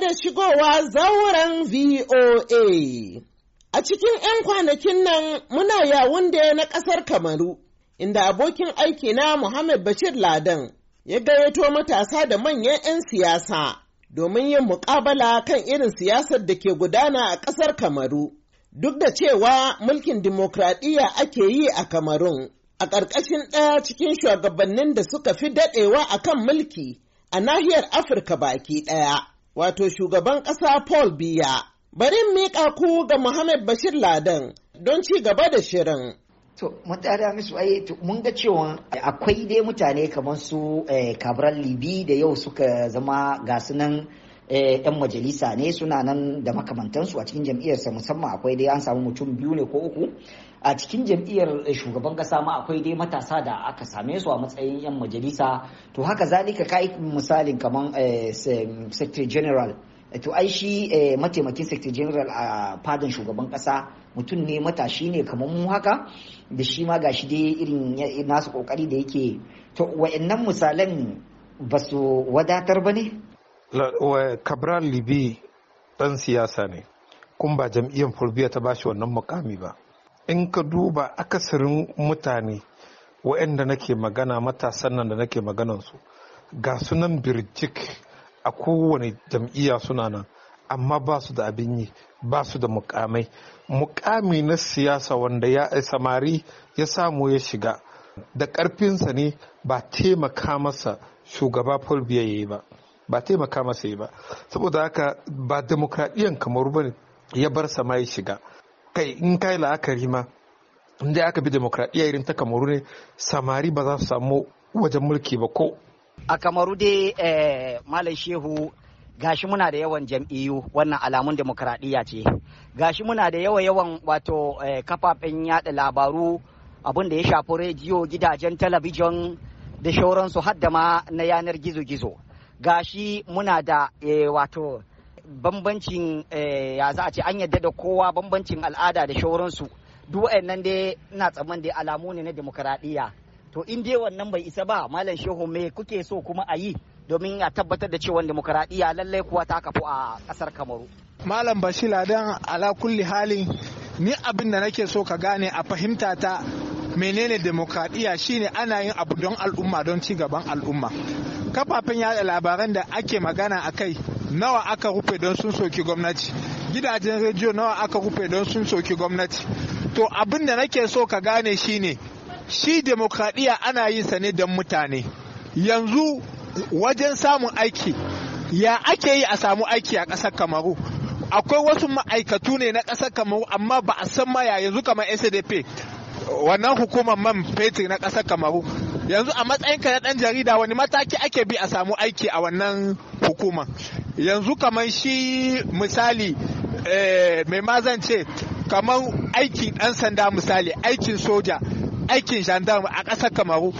da shigowa zauren VOA. A cikin 'yan kwanakin nan muna yawun da na ƙasar Kamaru, inda abokin aiki na Muhammad Bashir Ladan ya gayyato matasa da manyan 'yan siyasa domin yin muƙabala kan irin siyasar da ke gudana a ƙasar Kamaru. Duk da cewa mulkin dimokuraɗiyya ake yi a Kamarun, a ƙarƙashin ɗaya cikin shugabannin da suka fi daɗewa a kan mulki a nahiyar Afirka baki ɗaya. wato shugaban ƙasa Paul Biya. Bari miƙa ku ga Muhammad Bashir Ladan don ci gaba da shirin. To, matsada musu ai mun ga cewa akwai dai mutane kamar su eh, Cabral Libi da yau suka zama gasu nan eh, 'yan majalisa ne suna nan da makamantansu a cikin jam'iyyarsa musamman akwai dai an samu mutum biyu ne ko uku a cikin jam'iyyar eh, shugaban kasa ma akwai dai matasa da aka same su a matsayin 'yan majalisa to haka zalika kai misalin kamar eh, secretary general eh, to ai shi mataimakin secretary general a fadan shugaban kasa mutum ne matashi ne kamar mu haka da shi ma gashi dai irin nasu kokari da yake to wa'annan misalan ba su wadatar ba ne kabral libi dan siyasa ne kuma ba jam'iyyar fulbiya ta bashi wannan mukami ba in ka duba akasarin mutane waɗanda nake magana matasan nan da nake maganansu ga sunan birjik a kowane jam'iyya suna nan amma ba su da abin yi ba su da mukamai mukami na siyasa wanda ya samari ya samu ya shiga da ƙarfinsa ne ba taimaka masa shugaba fulbiya ya yi ba ba taimaka masa yi ba saboda haka ba demokradiyyar kamar ba ya bar sama ya shiga kai in kai la'akari ma inda aka bi demokradiyya irin ta kamaru ne samari ba za su samu wajen mulki ba ko a kamaru dai eh, malam shehu gashi muna da yawan jam'iyyu wannan alamun demokradiyya ce gashi muna da yawa yawan wato eh, kafafen yada labaru abin da ya shafi rediyo gidajen talabijin da shauransu da ma na yanar gizo-gizo gashi muna da eh, wato bambancin eh, ya za a ce an yadda da kowa bambancin al'ada da shauransu duk waɗannan dai ina tsaman da alamu ne na demokaradiyya to in dai wannan bai isa ba malam shehu me kuke so kuma a yi domin a tabbatar da cewa demokaradiyya lallai kuwa ta kafu a ƙasar kamaru malam bashila dan ala kulli halin ni abin da nake so ka gane a fahimta ta menene demokradiyya shine ana yin abu don al'umma don ci gaban al'umma kafafen yada labaran da ake magana a kai nawa aka rufe don sun soki gwamnati gidajen rediyo nawa aka rufe don sun soki gwamnati to abin da nake so ka gane shine shi demokradiyya ana yin sa ne don mutane yanzu wajen samun aiki ya ake yi a samu aiki a ƙasar kamaru akwai wasu ma'aikatu ne na ƙasar kamaru amma ba a san ma yanzu kamar sdp wannan hukumar man fetur na ƙasar kamaru yanzu a matsayinka na ɗan jarida wani mataki ake bi a samu aiki a wannan hukuma? yanzu kamar shi misali eh, mai mazan ce kamar aikin ɗan sanda misali aikin soja aikin gendarme a ƙasar kamaru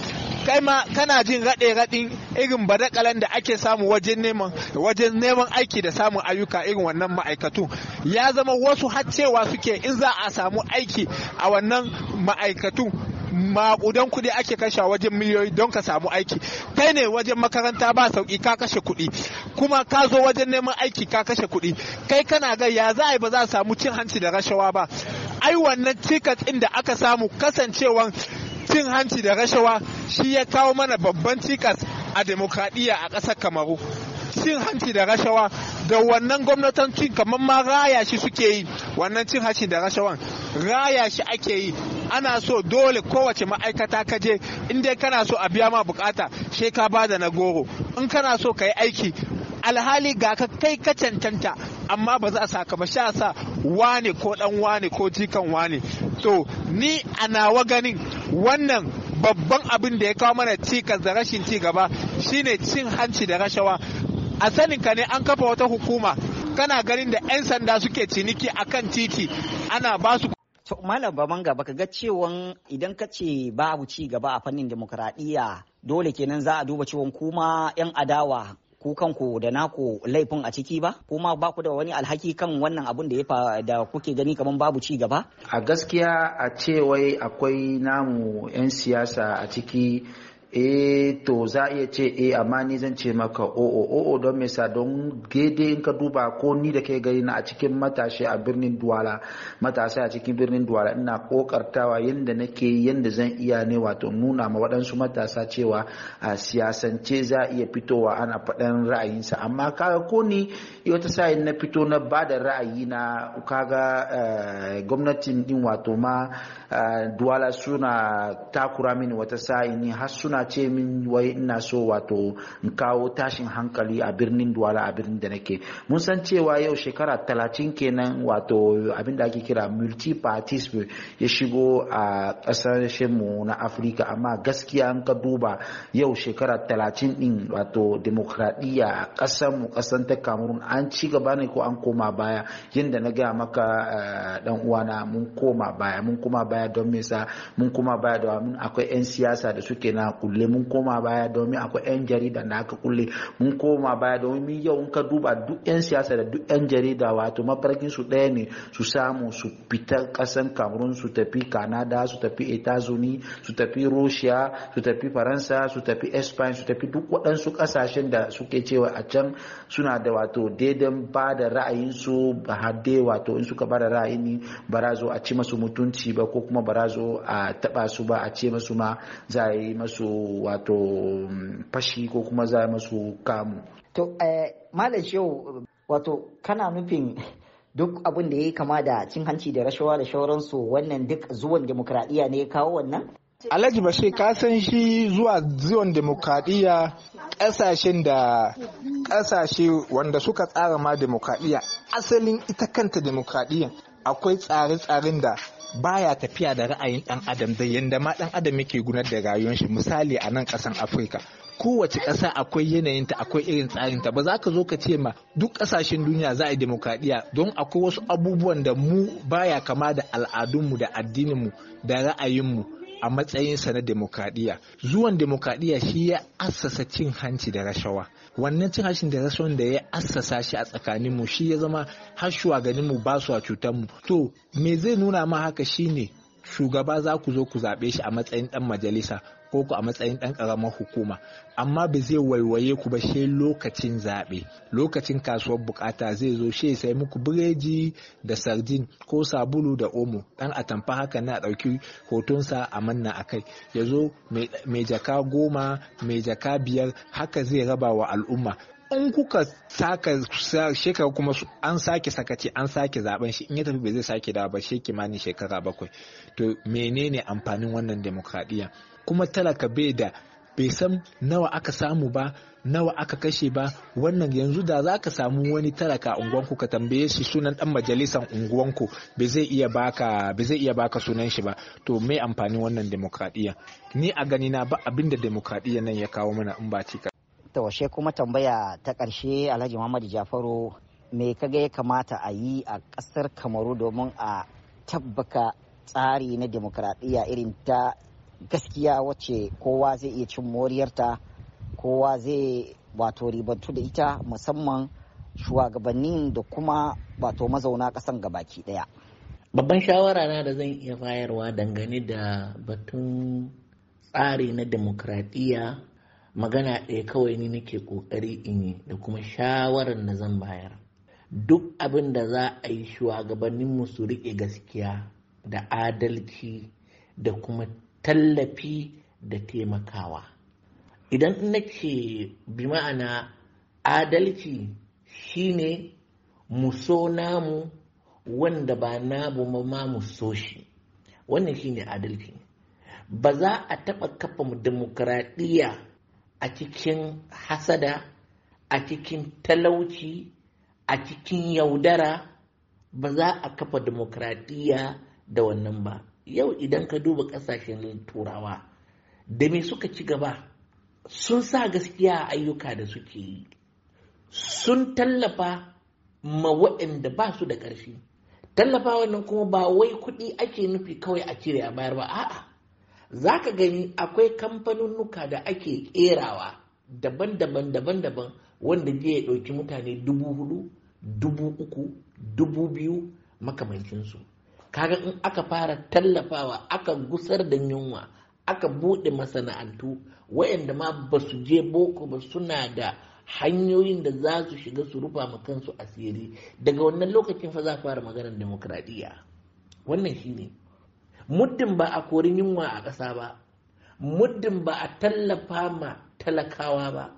kai ma kana jin raɗe raɗin irin badakalan da ake samu wajen neman aiki da samun ayyuka irin wannan ma'aikatu ya zama wasu har cewa suke in za a samu aiki a wannan ma'aikatu maƙudan kuɗi ake kashe wajen miliyoyi don ka samu aiki kai ne wajen makaranta ba sauki ka kashe kuɗi kuma ka zo wajen neman aiki ka kashe kuɗi kai kana ga ya za a yi ba za a samu cin hanci da rashawa ba ai wannan cikas ɗin da aka samu kasancewan cin hanci da rashawa shi ya kawo mana babban cikas a demokradiyya a ƙasar kamaru cin hanci da rashawa da wannan gwamnatoci kamar ma raya shi suke yi wannan cin hanci da rashawan raya shi ake yi ana so dole kowace ma'aikata ka je in dai kana so a biya ma bukata sai ka bada na goro in kana so ka yi aiki alhali ga ka kai ka cancanta amma ba za a saka ba sha sa wane ko dan wane ko jikan wane to ni a nawa ganin wannan babban abin da ya kawo mana cikas da rashin ci gaba shine cin hanci da rashawa a sanin ka ne an kafa wata hukuma kana ganin da 'yan sanda suke ciniki akan titi ana ba su To Malam Babanga ka ga cewan idan ka ce babu ci gaba a fannin demokradiyya dole kenan za a duba cewan kuma 'yan adawa ku kanku da naku laifin a ciki ba kuma ba ku da wani alhaki kan wannan abun da ya da kuke gani kamar babu ci gaba a gaskiya a ce akwai namu 'yan siyasa a ciki eh to za iya ce e, amma ni zan ce maka o'o oh, o'o oh, oh, don me sa don gede in ka duba ko ni da kai gari na a cikin matashi a birnin Duwala matasa a cikin birnin Duwala ina kokartawa yanda nake yanda zan iya ne wato nuna ma waɗansu matasa cewa a siyasance za iya fitowa ana faɗan ra'ayinsa amma kaga ko ni wata sa'in na fito na ba da ra'ayi na kaga eh, gwamnatin din wato ma eh, Duwala suna takura mini wata sa'in har suna suna ce min wai ina so wato in kawo tashin hankali a birnin duwala a birnin da nake mun san cewa yau shekara talatin kenan wato abin da ake kira multi parties ya shigo a ƙasashen mu na afirka amma gaskiya an ka duba yau shekara talatin din wato demokradiyya a ƙasar mu ƙasar ta kamerun an ci gaba ne ko an koma baya yadda na gaya maka dan eh, uwana mun koma baya mun koma baya don me sa mun koma baya da mun akwai 'yan siyasa da suke na kulle mun koma baya domin akwai 'yan jarida da aka kulle mun koma baya domin yau in ka duba duk 'yan siyasa da duk 'yan jarida wato mafarkin su ɗaya ne su samu su fita ƙasan cameroon su tafi kanada su tafi etazuni su tafi russia su tafi faransa su tafi spain su tafi duk waɗansu ƙasashen da suke cewa a can suna da wato daidan ba da ra'ayinsu ba hadde wato in suka ba da ra'ayin ba zo a ci masu mutunci ba ko kuma ba zo a taɓa su ba a ce masu ma za a yi masu wato mm, fashi ko kuma za masu kamu to eh, malam shehu wato kana nufin duk abin da ya yi kama da cin hanci da rashawa da shauransu wannan duk zuwan demokradiyya ne ya kawo wannan Alhaji Bashe, ka san shi zuwa zuwan demokradiyya ƙasashen da ƙasashe wanda suka tsara ma demokradiyya asalin ita kanta demokradiyya akwai tsare-tsaren da baya tafiya da ra'ayin dan adam da yanda ma dan adam yake gunar da rayuwar shi misali a nan kasan afirka kowace ƙasa akwai yanayinta akwai irin tsarinta ba za ka zo ka ce ma duk ƙasashen duniya za a yi demokradiyya don akwai wasu abubuwan da mu baya kama da al'adunmu da addininmu da ra'ayinmu a matsayinsa na demokradiyya zuwan demokradiyya shi ya assasa cin hanci da rashawa wannan cin hashin da rasuwan da ya assasa shi a tsakaninmu shi ya zama har shugabannin mu ba su a cutar mu to me zai nuna ma haka shine shugaba za ku zo ku zaɓe shi a matsayin ɗan majalisa ko ku a matsayin ɗan ƙaramar hukuma amma ba zai waiwaye ku ba shi lokacin zaɓe lokacin kasuwar bukata zai zo shi sai muku bireji da sardin ko sabulu da omo ɗan atamfa haka na ɗauki hotonsa a manna a kai ya zo mai jaka goma mai jaka biyar haka zai raba wa al'umma in kuka saka shekara kuma an sake sakaci an sake zaben shi in ya tafi bai zai sake dawa ba shi kimanin shekara bakwai to menene amfanin wannan demokradiyya kuma talaka bai da bai san nawa aka samu ba nawa aka kashe ba wannan yanzu da za ka samu wani talaka unguwanku ka tambaye shi sunan dan majalisan unguwanku bai zai iya baka sunan shi ba to me amfanin wannan demokradiyya ni a gani na ba abinda demokradiyya nan ya kawo mana in ba cika to she kuma tambaya ta karshe alhaji muhammadu jafaru me kaga ya kamata a yi a ƙasar kamaru domin a tabbaka tsari na demokradiyya irin ta gaskiya wacce kowa zai iya cin moriyarta kowa zai wato ribantu da ita musamman shugabannin da kuma wato mazauna ƙasan baki ɗaya babban shawara na da zan iya bayarwa dangane da batun tsari na demokradiyya magana ɗaya kawai ni nake ƙoƙari in yi da kuma shawarar da zan bayar duk abin da za a yi shugabanninmu su riƙe gaskiya da adalci da kuma tallafi da taimakawa idan na ce bi ma'ana adalci shine muso namu wanda ba namu ma mu so shi wannan shine adalci ba za a taɓa kafa dimokuraɗiyya a cikin hasada a cikin talauci a cikin yaudara ba za a kafa demokradiyya da wannan ba yau idan ka duba ƙasashen turawa da me suka ci gaba sun sa gaskiya a ayyuka da suke yi sun tallafa ma waɗanda ba su da ƙarfi tallafa wannan kuma ba wai kuɗi ake nufi kawai a cire a bayar ba a'a za ka gani akwai nuka da ake kerawa daban-daban daban-daban wanda zai ɗauki mutane dubu hudu dubu uku dubu biyu makamancinsu kaga in aka fara tallafawa aka gusar da yunwa aka buɗe masana'antu wayanda ma ba su je boko ba suna da hanyoyin da za su shiga su rufa ma kansu asiri daga wannan lokacin fa za fara maganar demokradiyya wannan shine muddin ba a kori yunwa a ƙasa ba muddin ba a tallafa ma talakawa ba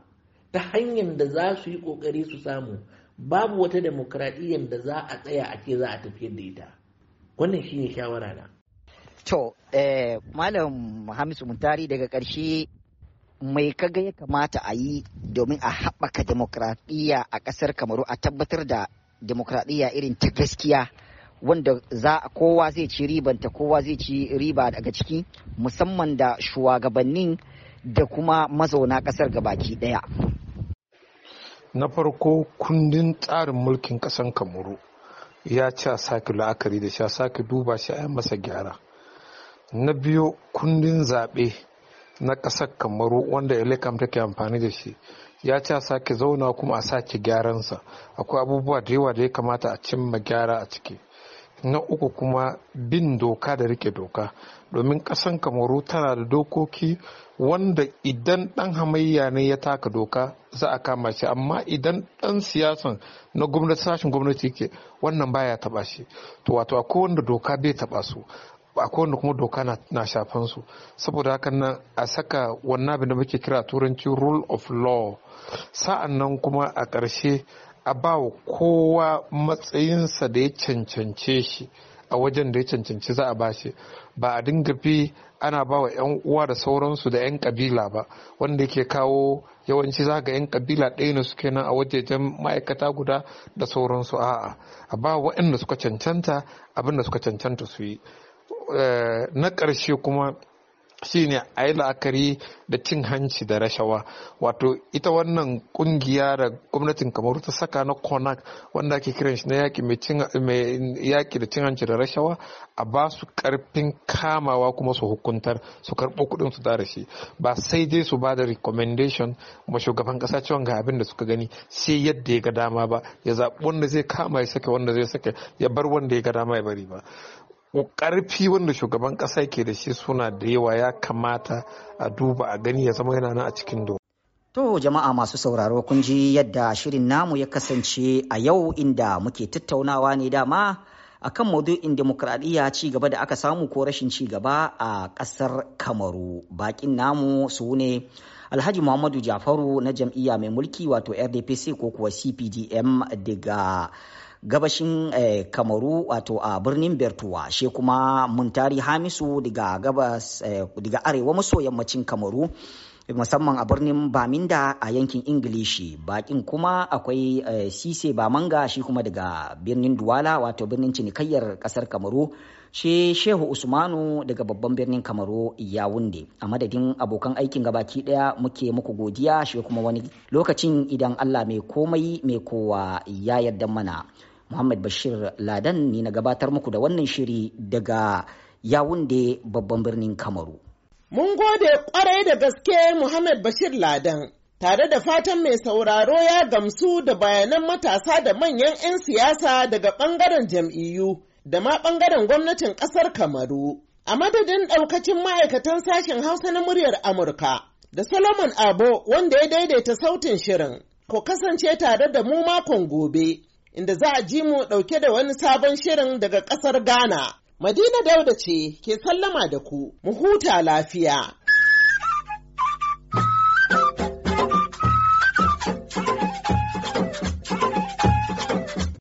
ta hanyar da za su yi ƙoƙari su samu babu wata demokradiyyar da za a tsaya a ce za a tafiyar da ita wannan shi ne shawara na to eh, malam hamisu muntari daga ƙarshe mai kaga ya kamata a yi domin a haɓaka demokradiyya a ƙasar kamaru a tabbatar da demokradiyya irin ta gaskiya wanda za kowa zai ci ribanta kowa zai ci riba daga ciki musamman da shugabannin da kuma mazauna kasar baki daya na farko kundin tsarin mulkin kasan kamaru ya ci a sake la'akari da shi sake duba shi a masa gyara na biyu kundin zaɓe na ƙasar kamaru wanda elekam take amfani da shi ya ci a sake zauna kuma a sake gyaransa akwai abubuwa da yawa da ya kamata a cimma gyara a ciki na uku kuma bin doka da rike doka domin kasan kamaru tana da dokoki wanda idan ɗan hamayya ne ya taka doka za a kama shi amma idan dan siyasan na gwamnati sashen gwamnati ke wannan baya taba shi to wato akwai wanda doka bai taba su akwai wanda kuma doka na shafan su saboda haka nan a saka wannan abin da muke kira turanci rule of law sa'an nan kuma a ƙarshe a ba wa kowa matsayinsa da ya cancance shi a wajen da ya cancanci za a ba shi ba a dinga bi ana ba wa 'yan uwa da sauransu da 'yan kabila ba wanda yake kawo yawanci za ga 'yan kabila ɗaya ne suke nan a wajejen ma'aikata guda da sauransu a'a a ba waɗanda suka cancanta abinda suka cancanta su yi eh, na ƙarshe kuma shine a yi la'akari da cin hanci da rashawa wato ita wannan kungiya da gwamnatin kamaru ta saka na konak wanda ake kiran shi na yaƙi da cin hanci da rashawa a ba su karfin kamawa kuma su hukuntar su karɓo kuɗin su da shi ba sai dai su ba da recommendation ma shugaban ƙasa cewa ga abin da suka gani sai yadda ya ga dama ba ya zaɓi wanda zai kama ya sake wanda zai sake ya bar wanda ya ga dama ya bari ba ƙarfi wanda shugaban ƙasa ke da shi suna da yawa ya kamata a duba a gani ya zama yana nan a cikin do. To jama'a masu sauraro kun ji yadda shirin namu ya kasance a yau inda muke tattaunawa ne dama akan maudu'in demokradiyya ci gaba da aka samu ko rashin ci gaba a ƙasar Kamaru. Bakin namu su ne Alhaji Muhammadu Jafaru na jam'iyya mai mulki wato RDPC ko kuwa CPDM daga gabashin eh, kamaru wato a birnin bertuwa shi kuma muntari hamisu daga gabas eh, daga arewa maso yammacin kamaru musamman a birnin baminda a yankin ingilishi bakin kuma akwai eh, sise bamanga shi kuma daga birnin duwala wato birnin cinikayyar kasar kamaru shi shehu usmanu daga babban birnin kamaru yawunde a madadin abokan aikin gabaki daya muke muku godiya shi kuma wani lokacin idan allah mai komai mai kowa ya yarda mana Muhammad Bashir Ladan ni na gabatar muku da wannan shiri daga Yawunde babban birnin Kamaru. Mun gode kwarai da gaske Muhammad Bashir Ladan. Tare da fatan mai sauraro ya gamsu da bayanan matasa da manyan 'yan siyasa daga ɓangaren jam'iyyu da ma ɓangaren gwamnatin ƙasar Kamaru. A madadin ɗaukacin ma'aikatan sashen Hausa na muryar Amurka da Solomon Abo wanda ya daidaita sautin shirin, ku kasance tare da mu makon gobe. inda za a ji mu ɗauke da wani sabon shirin daga ƙasar Ghana. Madina Dauda ce ke sallama da ku, mu huta lafiya.